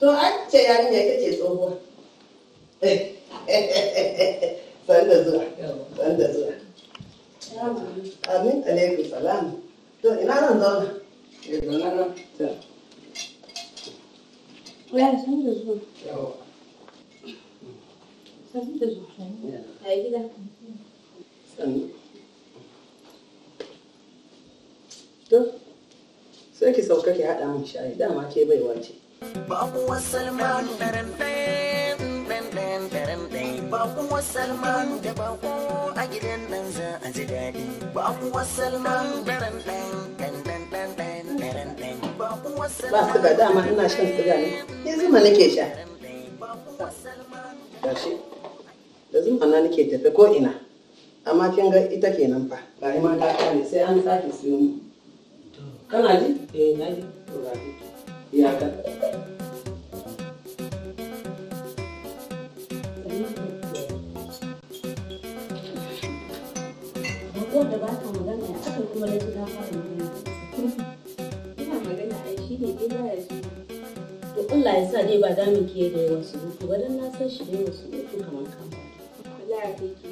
to an ce yarinya ita ce tsohuwa sanda zuwa sanda zuwa amin alaikum salam to ina zan zauna ya eh, zauna nan ta ya sanda zuwa sanda zuwa ya gida to sai ki sauka ki haɗa min shayi dama ke baiwa ce babu wasalmanu babu wasalmanu da bako a gidan nan za a ji daɗi babu wasalmanu Ba ɗan ɗan ɗan ɗan ɗan daren ɗan babu wasalmanu ba suka dama ina shan suga ne yanzu ma nake sha gashi da zuma na nake tafi ko ina amma kin ga ita kenan fa ga ma ta ne sai an sake siyo mu kana ji eh na ji to ga ya ka da ba ka magana ya aka kuma na na fara ina magana ai shi ne dai ba ya so to Allah ya sa dai ba da mu ke da wasu uku ba dan na san shi dai wasu uku kamar ka Allah ya kai ki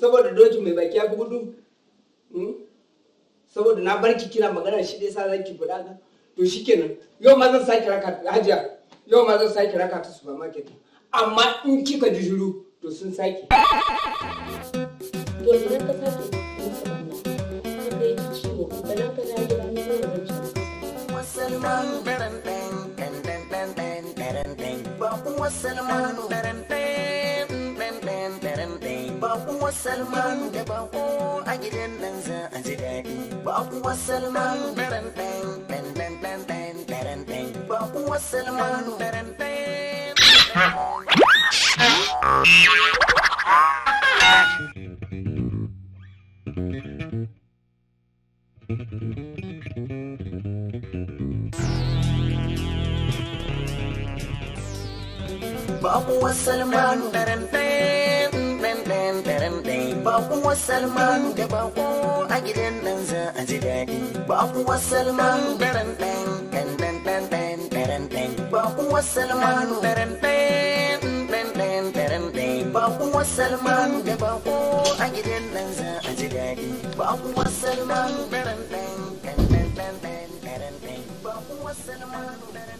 saboda doki mai baki ya gudu hmm? saboda na bar ki kira magana shi dai sa zaki guda na. to shikenan yau ma zan sake raka hajiya yau ma zan sake raka ta supermarket amma in kika ji shiru to sun sake to idan ka sake Salman, Salman, kuwa salman da bako a gidan nan za a ji daɗi ba kuwa salman daren ɗan ɗan ɗan ɗan ɗan daren ɗan ba kuwa salman daren ɗan Babu wasu salmanu daren daren daren ɗai ba kuwa salman da ba a gidan nan za a ji daɗi ba kuwa salman daren ɗan ɗan ɗan ɗan ɗan daren ɗan ba kuwa salman daren ɗan ɗan ɗan daren ɗan ba kuwa salman da ba a gidan nan za a ji daɗi ba kuwa salman daren ɗan ɗan ɗan ɗan daren ɗan ba kuwa salman daren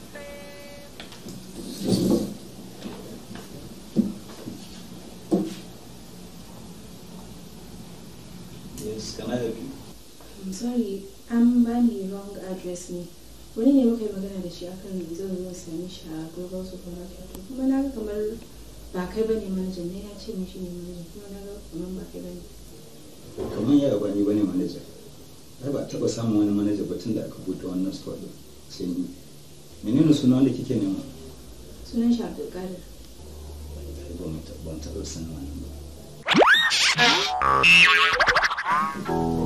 Can I help you? I'm sorry, buying bani wrong address ne. Wani at my magana da shi akan zan a Global Supermarket ba kai ne ba ne. a ba taɓa samun wani manaja ba tun da aka buɗe wannan store ɗin sai ni. Menene suna wanda kike nema? Sunan shi Ban sanin wannan ba. Thank you.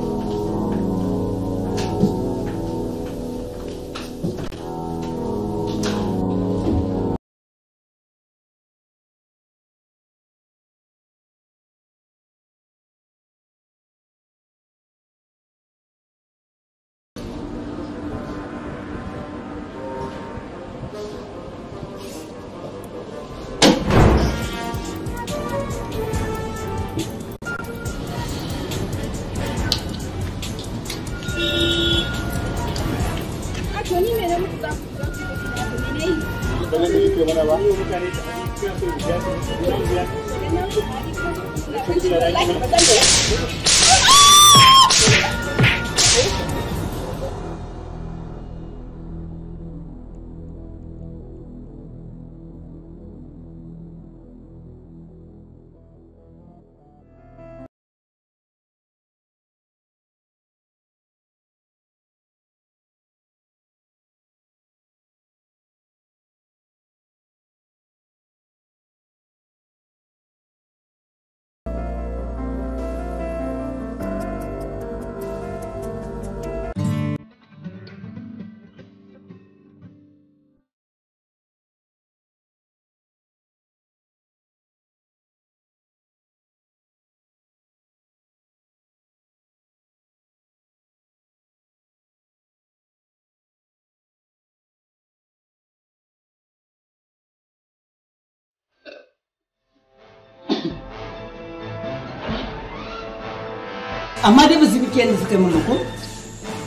amma dai ba zubi ke yadda suka mun ko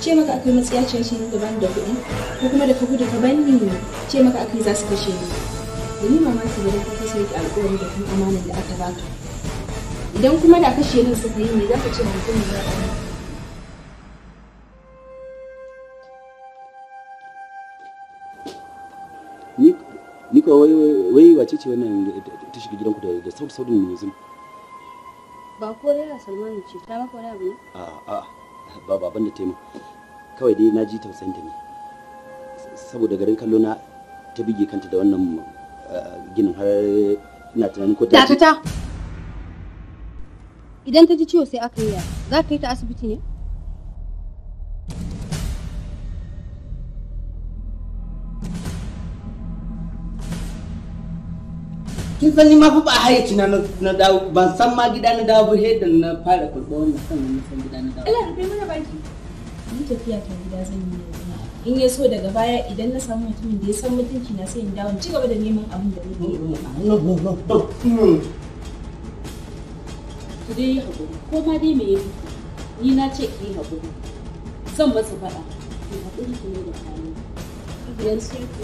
ce maka akwai matsiya ce shi da ban da kuɗi ko kuma da ka gudu ka banni ce maka akwai za su kashe ni da ni mamaki ba da ka kasa yake alƙawari da kuma amanar da aka ba ka idan kuma da kashe ni suka yi ne za ka ce mutum ya ɗaya ni ko wai wai wace ce wannan ta shiga gidanku da saurin saurin ne yanzu ba ko rera salmanu ce ta maka wani abu ne a a ba ba banda taimako kawai dai na ji tausayin ta ne saboda garin kallo na ta bige kanta da wannan eh, ginin har ina tunanin ko ta dakata idan ta ji ciwo sai aka yi za ka yi ta asibiti ne kin san ni ma fa ba hayyaci na na dawo ban san ma gida na dawo ba da na fara kurɓa wannan san na san gida na dawo Allah rufe mana baki ni tafiya ta gida zan yi in ya so daga baya idan na samu mutumin da ya san mutunci na sai in dawo ci gaba da neman abin da nake yi ku dai yi haƙuri ko ma dai me ya ni na ce ki yi haƙuri zan masa faɗa ki haƙuri ki ne da kayan idan sai ku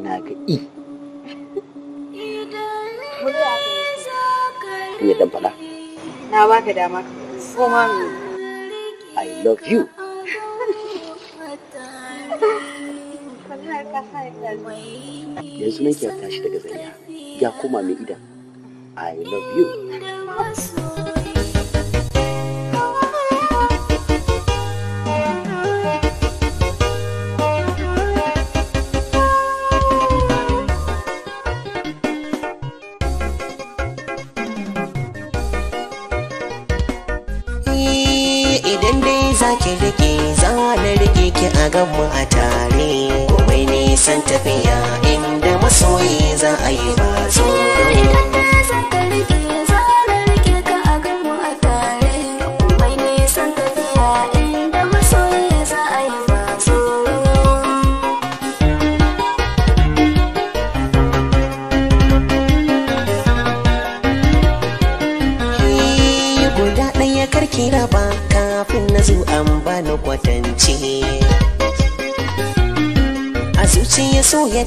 na ga i dan faɗa na love you yanzu nake ya tashi daga zanya ya koma i love you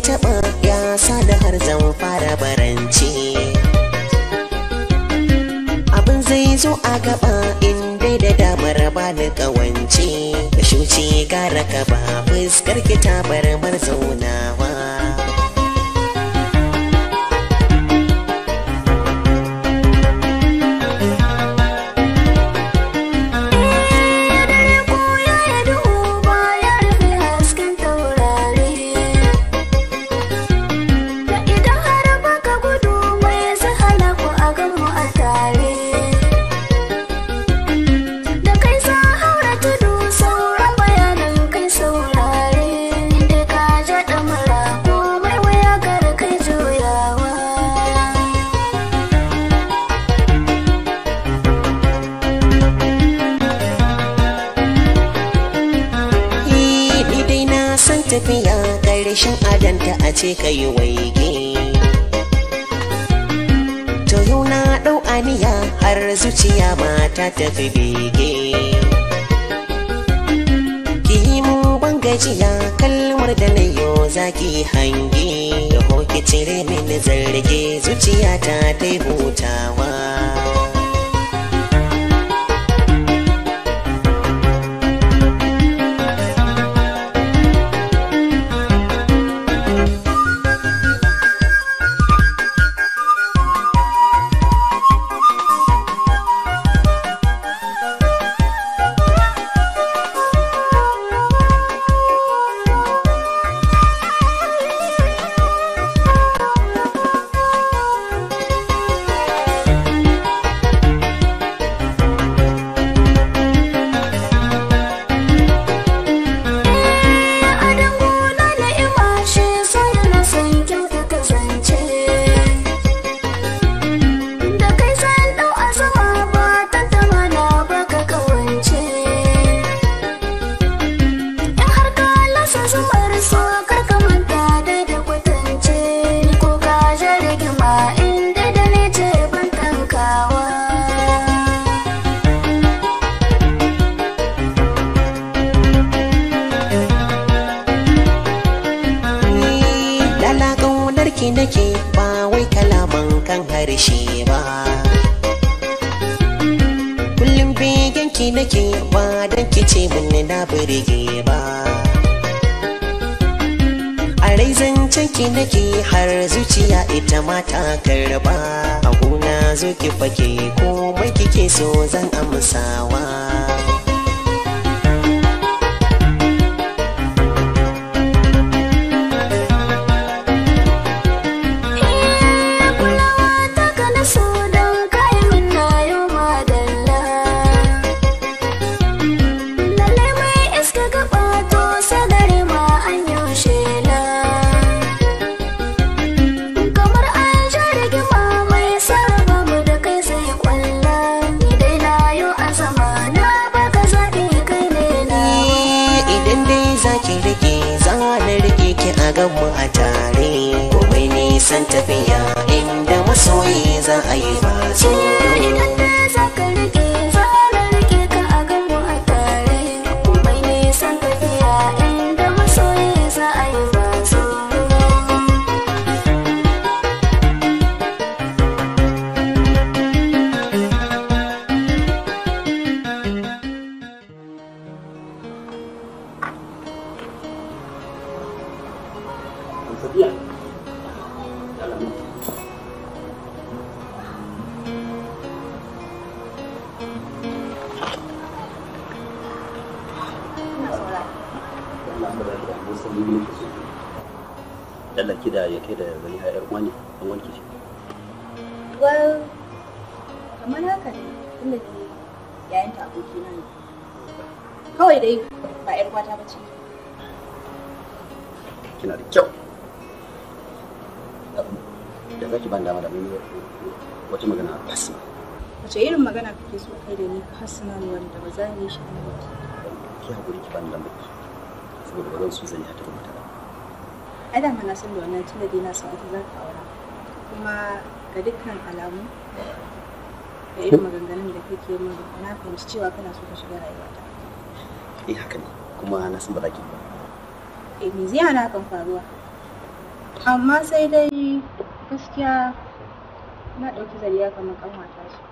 taɓa ya sa da har zan fara barance abin zai zo a gaba in dai da damar ba ni kawanci shuci gara ka ba fuskar ki ta bar zaunawa sai ka yi waige to yau na ɗau aniya har zuciya ba ta tafi bege ki yi mu ban gajiya kalmar da na yau za ki hange ki cire mini zarge zuciya ta ta hutawa ciki nake har zuciya ita ma ta karba a gona zo ki fake komai kike so zan amsawa ganmu a tare komai nisan tafiya inda masoyi za a yi ba Allah ki da ya kai da wani ya'yar wani an wanke shi. Well, kamar haka ne tunda da yayin ta aboki na Kawai dai ba 'yar kwata ba ce. Kina da kyau. Da zaki ban dama da mun wata magana a basma. wace irin magana kake so kai da ni personal wanda ba za ni shi ne ki hakuri ki bani lambar ki saboda ba zan so zan yi mata ba ai da na san da wannan tunda dai na san ita za ka aura kuma ga dukkan alamu da irin maganganun da kake min na fahimci cewa kana so ka shiga rayuwata eh haka ne kuma na san ba za ki ba eh me zai hana kan faruwa amma sai dai gaskiya na ɗauki zariya kamar ƙanwata shi.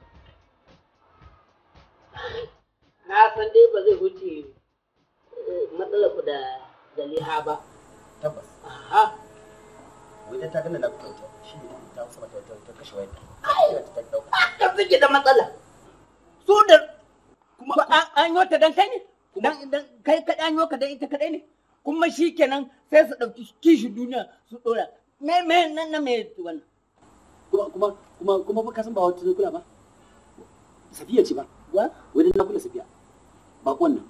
ta danna na kyauta shi ne ta sama ta ta kashe wayar ta suke da matsala su da kuma an yi dan kai ne dan kai kadai an yi dan ita kadai ne kuma shi kenan sai su dauki kishi duniya su dora me me nan na me wannan kuma kuma kuma kuma ba ka san ba wata kula ba safiya ce ba wa wani na kula safiya bakon nan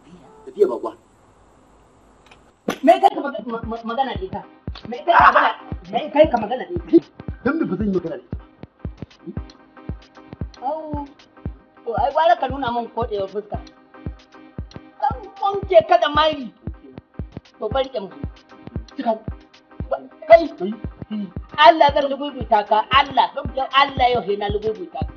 safiya safiya bakon me kake magana ita Me kai ka magana? Me kai ka magana ne? Dan me ba zan yi magana ne? Au. Oh, to oh, ai gwara ka nuna min kodewar fuska. Kan ka da mari. To bari ka mu. Kai. Allah zan lugubuta ka Allah. Allah yau ka.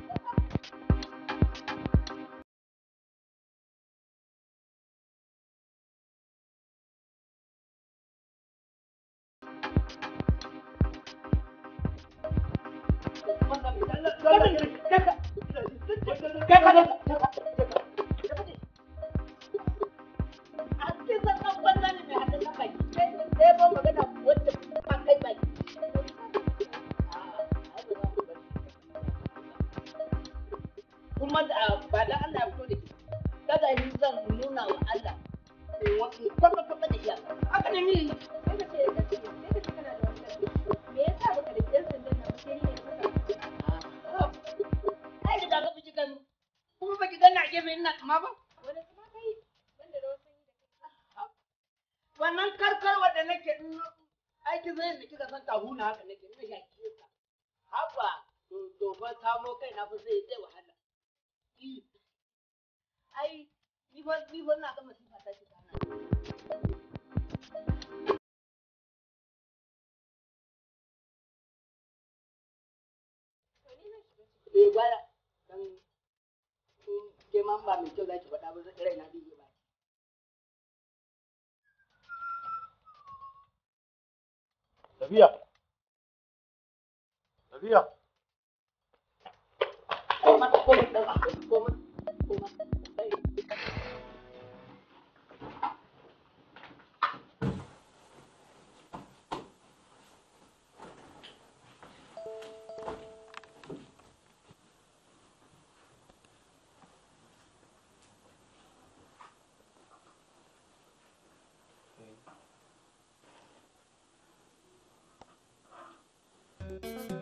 ba mai kyau zaki faɗa ba raina zai yi ba Safiya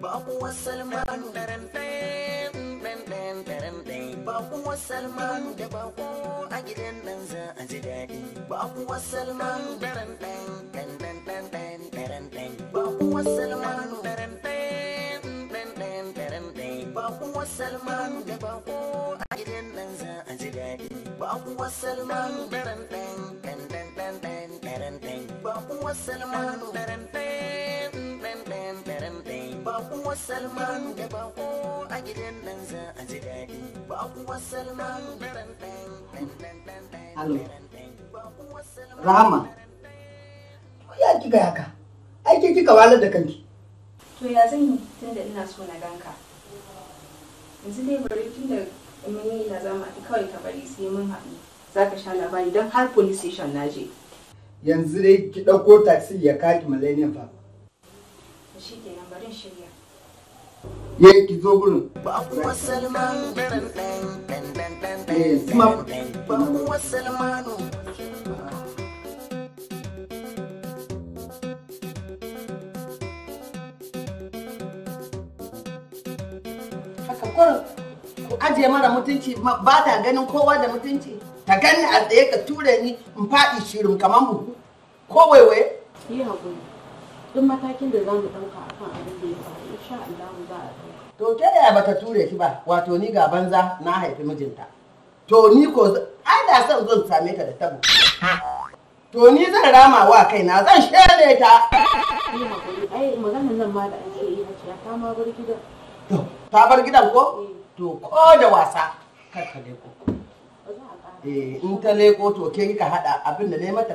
bakuwar salmanu bakuwar salmanu da bako a gidan nan za a ji daɗi bakuwar salmanu daren daren bakuwar salmanu daren daren bakuwar salmanu da bako a gidan nan za a ji daɗi bakuwar salmanu daren ɗan ɗan ɗan daren bakuwar salmanu daren kuwa salman da bako a gidan nan za a ji daɗi ba salman Halo. Ya kika yaka. Ai ke kika walar da kanki. To ya zan yi tun da ina so na ganka. Yanzu dai bari tun da yi na zama kawai ka bari sai mun haɗu. Za ka sha labari don har police station na je. Yanzu dai ki ɗauko taxi ya kaki millennium park. Shi kenan barin shirya. ya ki zo gurin ba kuwa salmanu dan eh, dan ba kuwa salmanu haka kurin ku ajiye mara mutunci ba ta ganin kowa da mutunci ta gani a tsaye ka ture ni in faɗi shirin kamar buhu ko waiwaye yi haƙuri duk matakin da za mu ɗauka akan abin da ya faru insha Allah to ke da bata ture shi ba wato ni ga banza na haifi mijinta to ni ko ai da san zan same ta da tabo to ni zan rama wa kaina zan share ta ai maganar nan ma da ake yi ce ya ma bar gidan to ta bar gidan ko eh. to ko da wasa kar ka leko eh in ta leko to ke kika hada abin da ne mata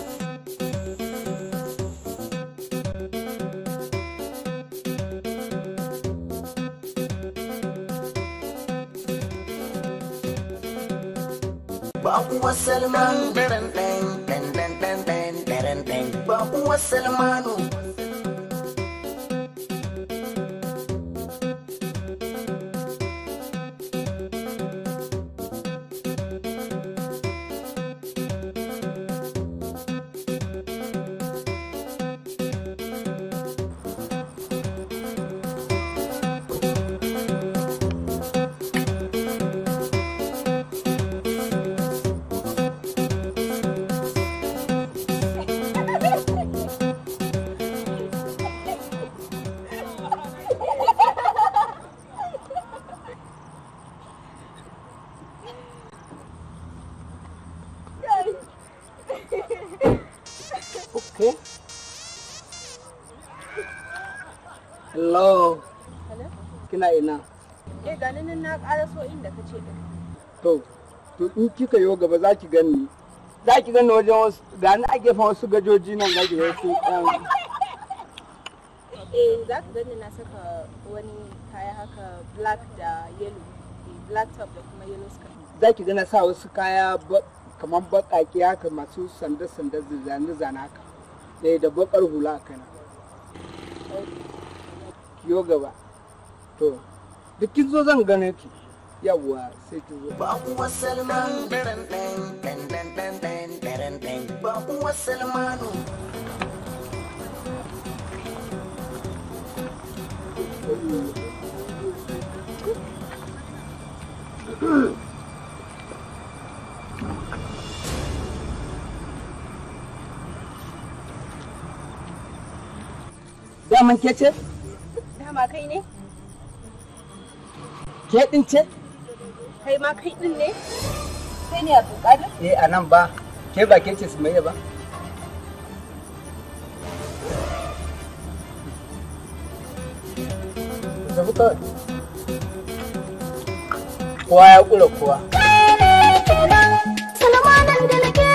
babuwar salmanu daren ɗan salmanu kika yi gaba za ki gani za ki gani wajen wasu gani ni a gefen wasu gajoji nan na gefen su um. eh za ki gani na saka wani kaya haka black da yellow eh, black top da kuma yellow skirt za ki gani sa wasu kaya kamar baƙaƙe haka masu sanda-sanda zane-zane haka ne eh, da baƙar hula haka na yo gaba to duk kin zo zan gane ki yawwa sai ki ba uwa salmanu ba salmanu Daman ke ce? Dama kai ne? Ke ɗin ce? kai ma kai din ne kai ne a tsokali eh a nan ba ke ba ke ce su mai ba da kuka kowa ya kula kowa Salamanan da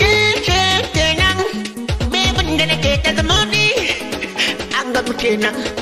yin kenan, kenan.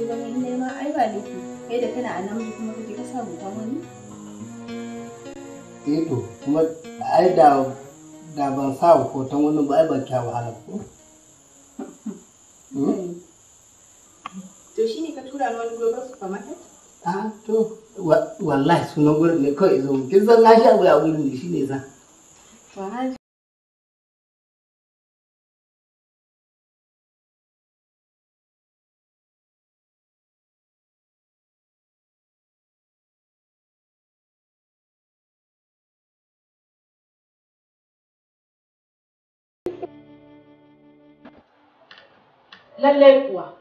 shi ba in nema ai ba laifi kai da kana a namiji kuma kake ka samu ta wani eh to kuma ai da da ba sa hoton wani ba ai ba kya wahala ko hmm? to shi ne ka tura ni wani global supermarket a to wallahi sunan gurin ne kawai zo kin san na sha wuya gurin ne shine za lallai kuwa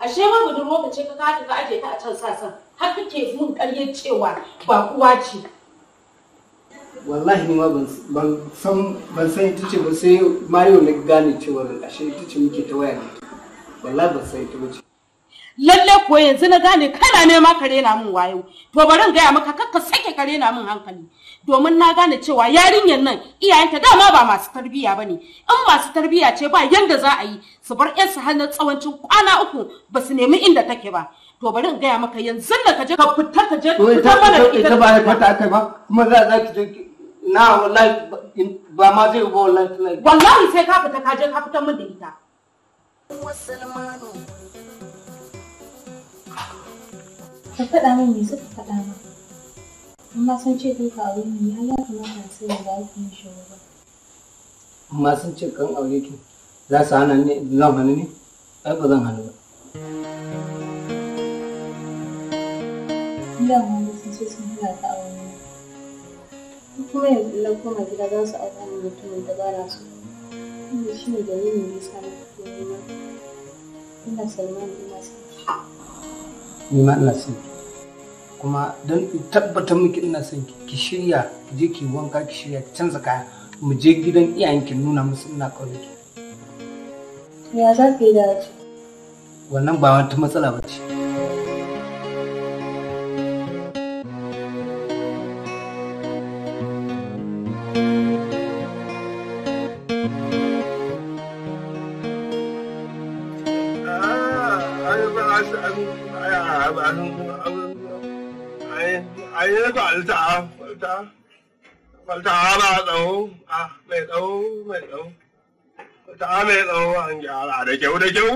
ashe ma gudun lokaci ka kada ka aje ta a can sasan har kake mun ƙarye cewa ba kuwa ce wallahi ni ma ban san ban san ita ce ba sai mayo na gane cewa ashe ita ce muke ta waya ne wallahi ban san ita ba ce lalle kuwa yanzu na gane kana nema ka rena min wayo to bari in gaya maka kakka sake ka rena min hankali domin na gane cewa yarinyar nan iyayenta dama ba masu tarbiya bane in masu tarbiya ce ba yanda za a yi su bar yan su hannun tsawancin kwana uku ba su nemi inda take ba to bari in gaya maka yanzu da ka je ka fita ka je fita mana ita ba ta akai ba kuma za za ki je na wallahi ba ma zai ba wallahi wallahi sai ka fita ka je ka fitar min da ita ka faɗa min me suka faɗa ma amma sun ce kai ka aure ni ya ya kamata sai ya ga ki yi shiru ba amma sun ce kan aure ki za su hana ni zan hana ni? ai ba zan hana ba Ina hannu sun ce sun hana ta aure ni kuma yanzu ina koma gida za su aure ni mutumin da ba na so wannan shi ne dalilin da ya sa na kuma ina salman ina sa ni ma ina son kuma don tabbatar miki ina son ki shirya je ki wanka ki shirya ki canza kaya mu je gidan iyayenki nuna musu ina ƙaunar ki. Ya za ki da Wannan ba wata matsala ba ce. gada mai tsawo an gyara da kyau da kyau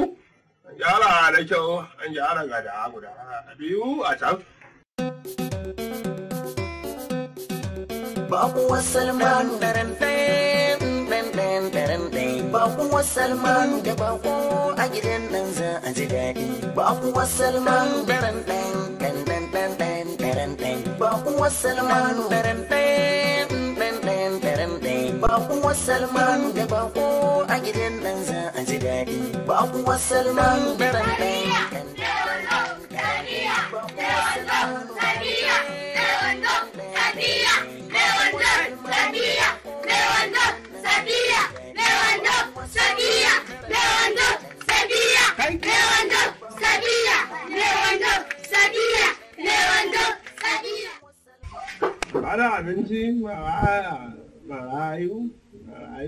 an gyara da kyau an gyara da guda biyu a can Bakuwa Salmanu Bakuwa Salmanu da bako a gidan nan za a ji daɗi Bakuwa Salmanu daren ɗan ɗan ɗan ɗan ɗan ɗan Bakuwa Salmanu daren ɗan Bakuwar Salmanu da bako a gidan nan za a ji daɗi. Bakuwar Salmanu da ran ɗan Ana abinci ba Vai lá,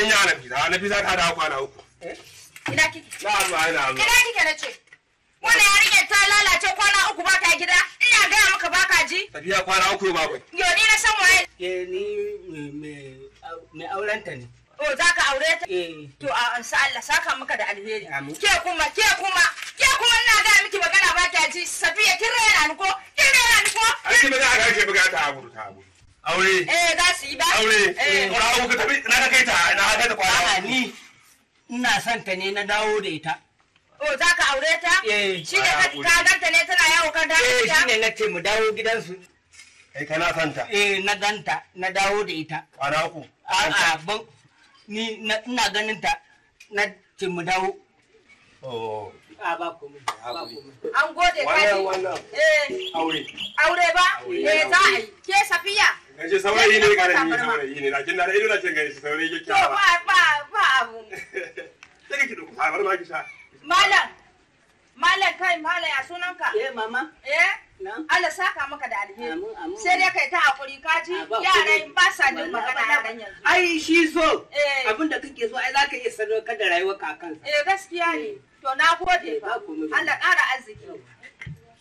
yarin ya Nafisa, Nafisa ta dawo kwana uku. Eh? Ina kike? Na zuwa ina zuwa. Ina kike na ce? Wannan yarinyar ta lalace kwana uku ba ta gida, ina gaya maka ba ka ji? Tafiya kwana uku ba kai. Yo ni na san waye. Eh ni mai aurenta ne. Oh za ka aure ta? Eh. To a sa Allah saka maka da alheri. Amin. Ke kuma ke kuma ke kuma ina gaya miki magana ba ta ji. Safiya kin raina ni ko? Kin raina ni ko? Ai kin ga ka ke buga ta aburu ta aburu. aure eh za su yi ba aure ƙwararru eh. ka tafi na ka kai ta na ka kai ta kwana ni ina son ta ne na dawo da ita o oh, za ka aure ta eh. shi ne ka ganta ne tana yawo kan ta eh shi ne na ce mu dawo gidansu kai kana son ta eh na ganta na dawo da ita kwana uku a'a ban ni ina ganin ta na ce mu dawo oh. An gode kai. Wannan wannan. Eh. Aure. Aure ba? Me za a yi? Ke Safiya? Gaje saurayi ne karami saurayi ne lakin da ido na cin gani saurayi yake. To ba ba ba abu. Sai kike duk bar ma ki sha. Malam. Malam kai malam ya sunanka? Eh mama. Eh? Allah saka maka da alheri. Sai dai kai ta hakuri ka ji ah, yaran ba sa jin magana yaran yanzu. Ai shi so. Eh. Eh. Abin da kake so ai za ka iya ka da rayuwar kakan. Eh gaskiya ne. Eh. To na gode. Allah ƙara arziki.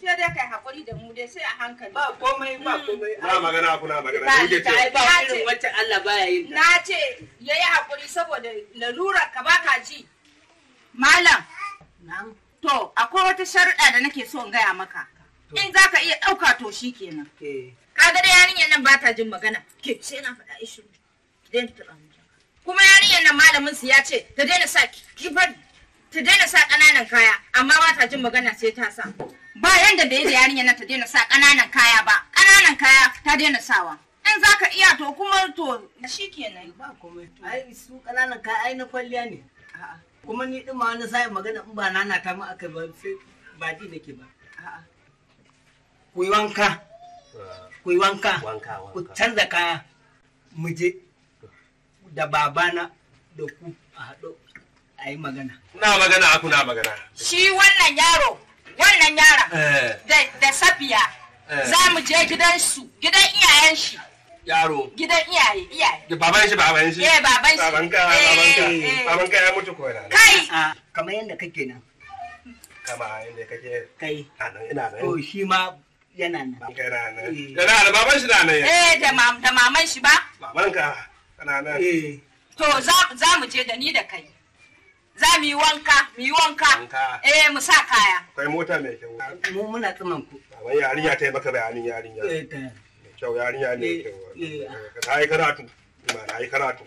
sai dai kai hakuri da mu dai sai a hankali ba komai ba hmm. komai ba magana na magana ni ke ce ba irin wacce Allah baya yin na ce yayi hakuri saboda lalura ka ba ka ji malam na'am to akwai wata sharuɗa da nake so in gaya maka in za ka iya ɗauka to shi kenan eh. kaga da yarinyar nan ba ta jin magana ke sai na faɗa ishi daina kuma yarinyar nan malamin su ya ce ta daina sa kifar ta daina sa ƙananan kaya amma ba ta jin magana sai ta sa ba yanda da yarinya na ta daina sa kananan kaya ba kananan kaya ta daina sawa in za ka iya to kuma to na shi kenan ba komai ai su kananan kaya ai na kwalliya ne kuma ni din ma wani sai magana in ba nana ta mu aka ba ba ji nake ba ku yi wanka ku yi wanka ku canza kaya mu je da babana da ku a haɗo a yi magana na magana aku na magana shi wannan yaro wannan yaron eh. da safiya eh. za mu je su gidan iyayen shi yaro gidan iyaye iyaye da baban shi baban shi eh baban shi baban ka baban ka eh, baban ka ya mutu ko yana kai ah, kamar yanda kake nan kama yanda kake kai ina nan to shi ma yana nan yana nan yana nan baban shi na nan eh da mam da maman shi ba baban ka kana nan eh to za za mu je da ni da kai za mu yi wanka mu yi wanka eh mu sa kaya akwai mota mai kyau mu muna tsaman ku wai yarinya ta yi maka bayanin yarinya eh ta kyau yarinya ne kyau ta yi karatu ba na yi karatu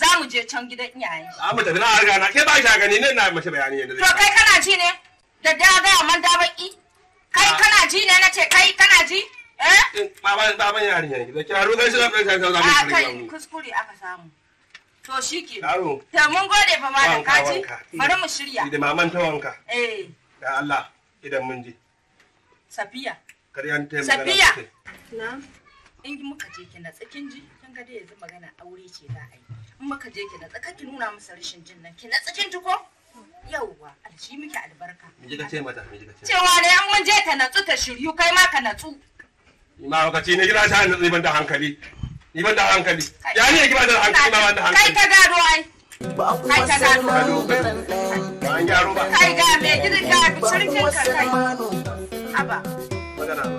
za mu je can gidan iyaye a mu tafi na harga na ke ba shi gani ne na mace bayani yadda to kai kana ji ne da da ga man da baki kai kana ji ne nace kai kana ji eh baban baban yarinya ne da kira ruwan shi na fara ta zama kuskure aka samu To shi ke. Yaro. Ta mun gode fa malam kaji. Bari mu shirya. Idan maman ta wanka. Eh. Da Allah idan mun je. Safiya. Karyan ta Safiya. Na. In muka je ki natsa kin ji kin ga dai yanzu magana aure ce za a yi. In muka je ki ki nuna masa rashin jin nan ki natsa kin ji ko? Yawwa, alshi miki albarka. Mu ji ka ce mata, ji ka ce. Cewa ne an mun je ta natsu ta shiryu kai ma ka natsu. Ma lokaci ne jira ta natsu ban da hankali. ni ban da hankali ya ne ki ba da hankali ma ban da hankali kai ka gado ai kai ka gado gyaro ba kai ga me gidan ga sarkin ka kai haba magana ba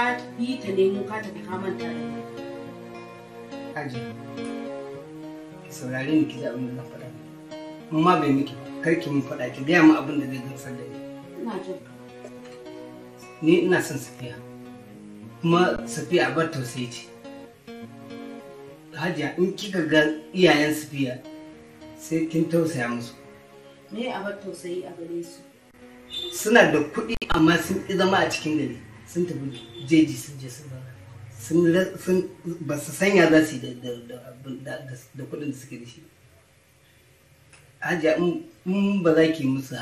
ka yi ta nemo ka ta ka manta da Aji, ki saurare ni ki ji abin da zan faɗa miki. ma bai miki kar ki mun faɗa ki gaya mu abin da zai gamsar da ni. Ni ina son Safiya. Kuma Safiya bar tausayi ce. Hajiya in kika ga iyayen Safiya sai kin tausaya musu. Me abar tausayi a gare su? Suna da kuɗi amma sun ƙi zama a cikin gari. sun tafi jeji sun je sun sun ba su sanya za su yi da kudin da suke da shi hajiya in ba za ki musu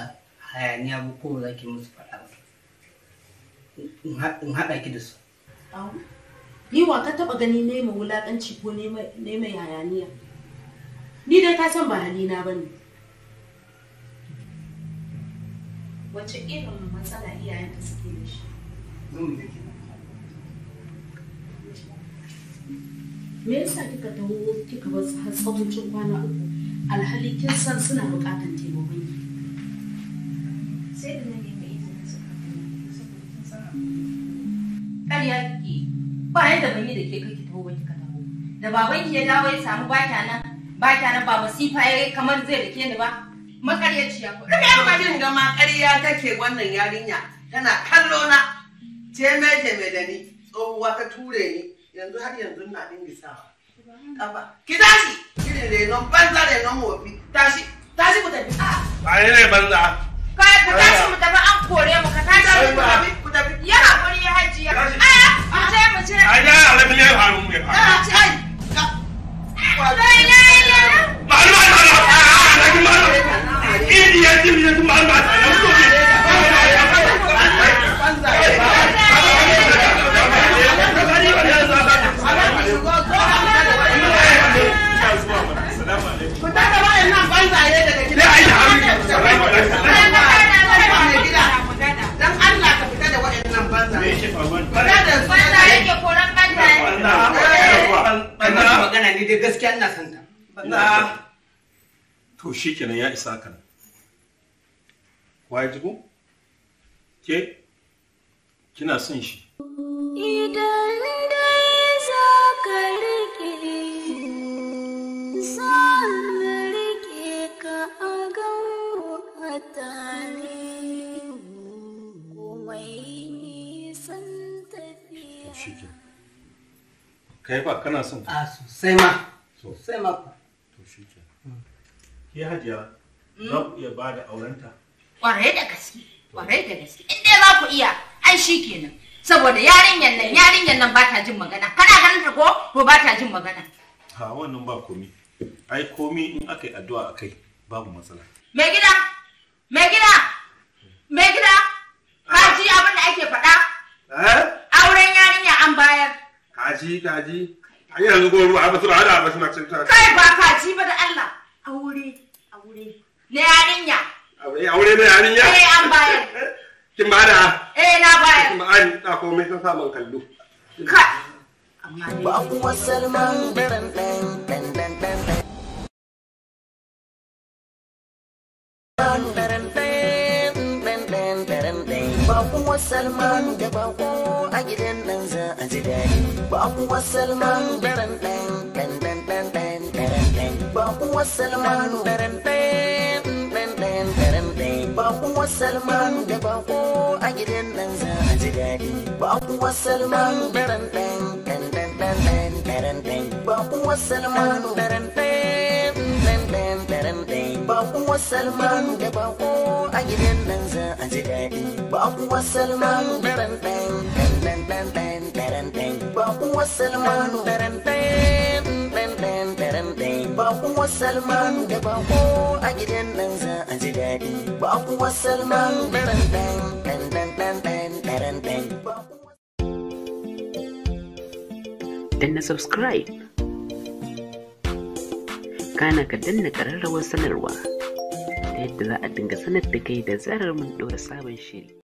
hayaniya ba ko ba za ki musu faɗa ba in haɗa ki da su ni wa ka taɓa gani nema wulaƙanci ko nema hayaniya ni dai ka san ba halina ba ne wace irin matsala iyayenka suke da shi me yasa kika taho kika bar har tsawon kwana uku alhali kin san suna buƙatar taimakon ki sai da nan mai izinin su ƙarya ki ba yadda ban yi da ke kake taho ba kika taho da baban ki ya dawo ya samu baki nan baki nan ba masifa ya kamar zai rike ni ba makaryaciya ko da ya ma jin gama ƙarya take wannan yarinya tana kallo na jeme jeme da ni tsohuwa ta ture ni yanzu har yanzu na dingisawa kafa ki tashi irin renon banza renon wofi tashi tashi ku tafi ah! a ne ne banza kai ku tashi mu tafi an kore mu ka tashi mu tafi ku tafi ya hakuri ya haji ya a ce mu ce ai ya alabi ne ha mu ne ha ai lai lai lai ma'alma ma'alma a a na ki ma'alma idi ya ji mi ya ji ma'alma ta ya ku ne shi kenan ya isa ka kan ji ko? ke kina son shi idan dai za ka rike za rike ka a gauru a tare komai nisan tafiya shi ke kai ba kana son a ah, sosai ma sosai ma ke hajiya za ku iya ba da aurenta kwarai da gaske kwarai da gaske in dai za ku iya ai shi kenan saboda yarinyar nan yarinyar nan ba ta jin magana kana ganin ko ko ba ta jin magana ha wannan ba komi ai komi in aka yi addu'a akai babu matsala me gida me gida me gida ka ji abin da ake faɗa eh? auren yarinya an bayar kaji kaji a yanzu ruwa ba su ba da basu suna cin kai ba kaji ba da Allah aure kuɗi. Na yarinya. Aure na ya? Eh an bayar. Kin bada? Eh na bayar. Kuma an ta komai sun sa man kallo. Ka. Ba kuwa Salman dan dan dan dan dan. Ba kuwa Salman da bako a gidan nan za a ji daɗi. Ba kuwa Salman dan dan babuwa salmanu babuwa salmanu bako a gidan nan za a ji dadi babuwa salmanu daren ɗan ɗan ɗan bako a gidan nan za a ji dadi babuwa salmanu daren ɗan ɗan ɗan ɗai ba kuwa Salman da ba a gidan nan za a ji daɗi ba kuwa Salman ɗan ɗan ɗan ɗan ɗan ɗan ɗan ɗan subscribe kana ka danna ƙararrawar sanarwa ta yadda za a dinga sanar da kai da zarar mun ɗora sabon shiri